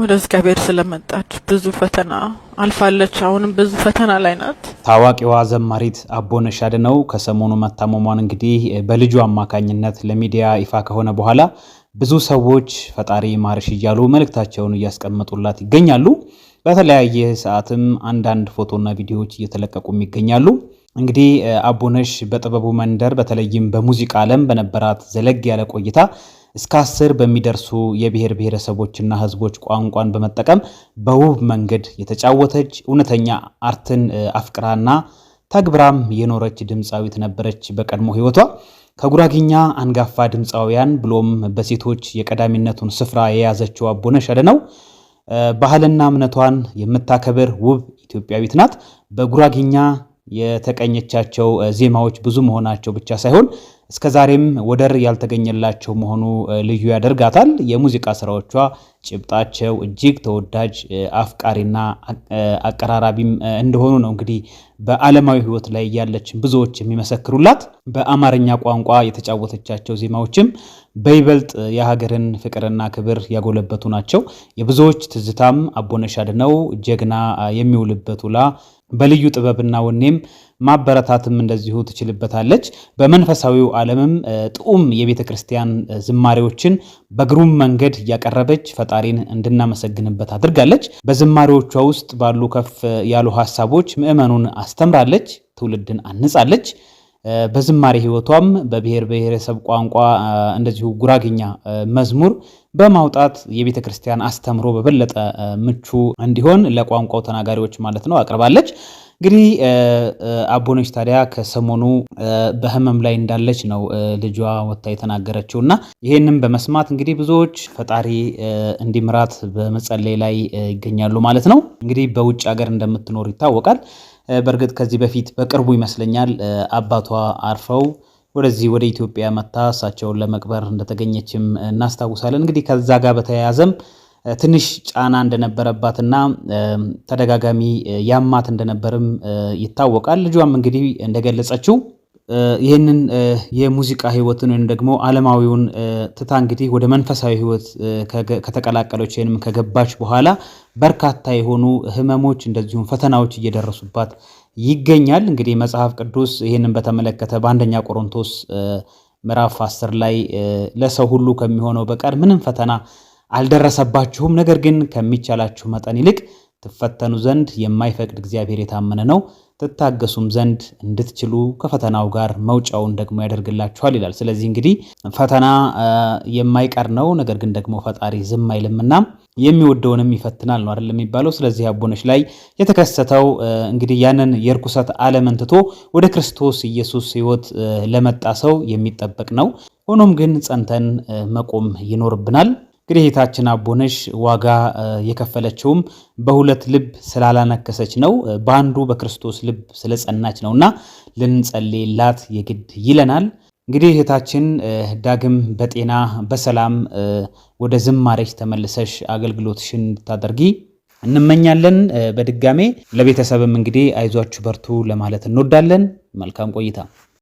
ወደ እግዚአብሔር ስለመጣች ብዙ ፈተና አልፋለች። አሁንም ብዙ ፈተና ላይ ናት። ታዋቂዋ ዘማሪት አቦነሽ አድነው ከሰሞኑ መታመሟን እንግዲህ በልጁ አማካኝነት ለሚዲያ ይፋ ከሆነ በኋላ ብዙ ሰዎች ፈጣሪ ማርሽ እያሉ መልእክታቸውን እያስቀመጡላት ይገኛሉ። በተለያየ ሰዓትም አንዳንድ ፎቶና ቪዲዮዎች እየተለቀቁም ይገኛሉ። እንግዲህ አቦነሽ በጥበቡ መንደር በተለይም በሙዚቃ ዓለም በነበራት ዘለግ ያለ ቆይታ እስከ አስር በሚደርሱ የብሔር ብሔረሰቦችና ህዝቦች ቋንቋን በመጠቀም በውብ መንገድ የተጫወተች እውነተኛ አርትን አፍቅራና ተግብራም የኖረች ድምፃዊት ነበረች። በቀድሞ ህይወቷ ከጉራግኛ አንጋፋ ድምፃውያን ብሎም በሴቶች የቀዳሚነቱን ስፍራ የያዘችው አቦነሽ አደነው ባህልና እምነቷን የምታከብር ውብ ኢትዮጵያዊት ናት። በጉራግኛ የተቀኘቻቸው ዜማዎች ብዙ መሆናቸው ብቻ ሳይሆን እስከ ዛሬም ወደር ያልተገኘላቸው መሆኑ ልዩ ያደርጋታል። የሙዚቃ ስራዎቿ ጭብጣቸው እጅግ ተወዳጅ አፍቃሪና አቀራራቢም እንደሆኑ ነው እንግዲህ በዓለማዊ ሕይወት ላይ ያለችን ብዙዎች የሚመሰክሩላት። በአማርኛ ቋንቋ የተጫወተቻቸው ዜማዎችም በይበልጥ የሀገርን ፍቅርና ክብር ያጎለበቱ ናቸው። የብዙዎች ትዝታም አቦነሽ አድነው ጀግና የሚውልበት ውላ በልዩ ጥበብና ወኔም ማበረታትም እንደዚሁ ትችልበታለች። በመንፈሳዊው ዓለምም ጥዑም የቤተ ክርስቲያን ዝማሬዎችን በግሩም መንገድ እያቀረበች ፈጣሪን እንድናመሰግንበት አድርጋለች። በዝማሬዎቿ ውስጥ ባሉ ከፍ ያሉ ሀሳቦች ምዕመኑን አስተምራለች፣ ትውልድን አንጻለች። በዝማሬ ሕይወቷም በብሔር ብሔረሰብ ቋንቋ እንደዚሁ ጉራግኛ መዝሙር በማውጣት የቤተ ክርስቲያን አስተምሮ በበለጠ ምቹ እንዲሆን ለቋንቋው ተናጋሪዎች ማለት ነው አቅርባለች። እንግዲህ አቦነች ታዲያ ከሰሞኑ በህመም ላይ እንዳለች ነው ልጇ ወታ የተናገረችው እና ይህንም በመስማት እንግዲህ ብዙዎች ፈጣሪ እንዲምራት በመጸለይ ላይ ይገኛሉ ማለት ነው። እንግዲህ በውጭ ሀገር እንደምትኖር ይታወቃል። በእርግጥ ከዚህ በፊት በቅርቡ ይመስለኛል አባቷ አርፈው ወደዚህ ወደ ኢትዮጵያ መታ እሳቸውን ለመቅበር እንደተገኘችም እናስታውሳለን። እንግዲህ ከዛ ጋር በተያያዘም ትንሽ ጫና እንደነበረባትና ተደጋጋሚ ያማት እንደነበርም ይታወቃል። ልጇም እንግዲህ እንደገለጸችው ይህንን የሙዚቃ ህይወትን ወይም ደግሞ ዓለማዊውን ትታ እንግዲህ ወደ መንፈሳዊ ህይወት ከተቀላቀለች ወይም ከገባች በኋላ በርካታ የሆኑ ህመሞች እንደዚሁም ፈተናዎች እየደረሱባት ይገኛል። እንግዲህ መጽሐፍ ቅዱስ ይህንን በተመለከተ በአንደኛ ቆሮንቶስ ምዕራፍ አስር ላይ ለሰው ሁሉ ከሚሆነው በቀር ምንም ፈተና አልደረሰባችሁም፣ ነገር ግን ከሚቻላችሁ መጠን ይልቅ ትፈተኑ ዘንድ የማይፈቅድ እግዚአብሔር የታመነ ነው፣ ትታገሱም ዘንድ እንድትችሉ ከፈተናው ጋር መውጫውን ደግሞ ያደርግላችኋል ይላል። ስለዚህ እንግዲህ ፈተና የማይቀር ነው፣ ነገር ግን ደግሞ ፈጣሪ ዝም አይልምና የሚወደውንም ይፈትናል ነው አይደል የሚባለው። ስለዚህ አቦነች ላይ የተከሰተው እንግዲህ ያንን የርኩሰት ዓለምን ትቶ ወደ ክርስቶስ ኢየሱስ ሕይወት ለመጣ ሰው የሚጠበቅ ነው። ሆኖም ግን ጸንተን መቆም ይኖርብናል። እንግዲህ እህታችን አቦነሽ ዋጋ የከፈለችውም በሁለት ልብ ስላላነከሰች ነው። በአንዱ በክርስቶስ ልብ ስለጸናች ነውና ልንጸልይላት የግድ ይለናል። እንግዲህ እህታችን ዳግም በጤና በሰላም ወደ ዝማሬች ተመልሰሽ አገልግሎትሽን እንድታደርጊ እንመኛለን። በድጋሜ ለቤተሰብም እንግዲህ አይዟችሁ በርቱ ለማለት እንወዳለን። መልካም ቆይታ